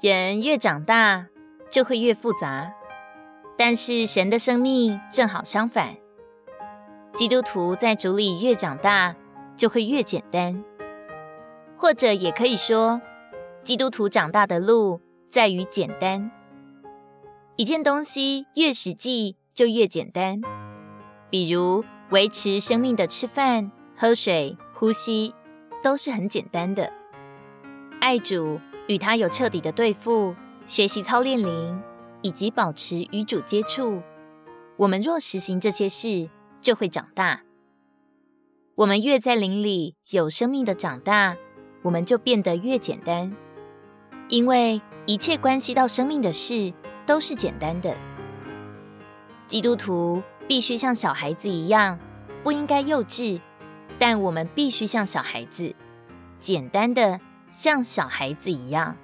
人越長大，就會越複雜。但是神的生命正好相反，基督徒在主裡越長大，就會越簡單。或者也可以說，基督徒長大的路在於簡單。一件東西越實際，就越簡單。比如維持生命的吃飯、喝水、呼吸，都是很簡單的。愛主。與他有徹底的對付，學習操練靈，以及保持與主接觸。我們若實行這些事，就會長大。我們越在靈裡有生命的長大，我們就變得越簡單，因為一切關係到生命的事都是簡單的。基督徒必須像小孩子一樣，不應該幼稚，但我們必須像小孩子，簡單的。像小孩子一樣，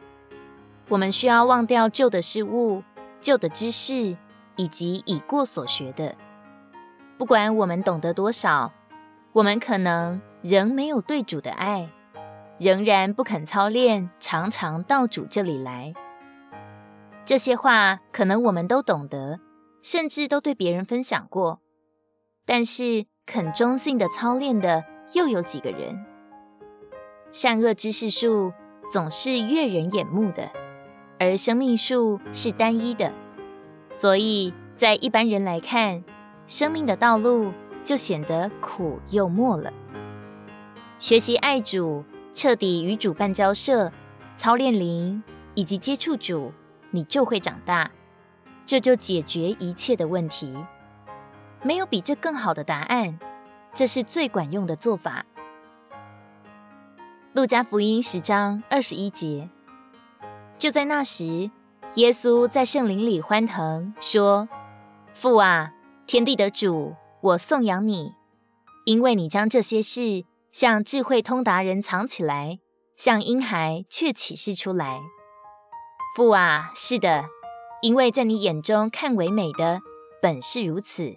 我們需要忘掉舊的事物、舊的知識以及已過所學的。不管我們懂得多少，我們可能仍沒有對主的愛，仍然不肯操練，常常到主這裡來。這些話可能我們都懂得，甚至都對別人分享過，但是肯忠信的操練的又有幾個人？善惡知識樹總是悅人眼目的，而生命樹是單一的，所以在一般人來看，生命的道路就顯得苦又末了。學習愛主，徹底與主辦交涉，操練靈以及接觸主，你就會長大，這就解決一切的問題。沒有比這更好的答案，這是最管用的做法。路加福音十章二十一節，就在那時，耶穌在聖靈裡歡騰，說：“父啊，天地的主，我頌揚你，因為你將這些事向智慧通達人藏起來，向嬰孩卻啟示出來。父啊，是的，因為在你眼中看為美的，本是如此。”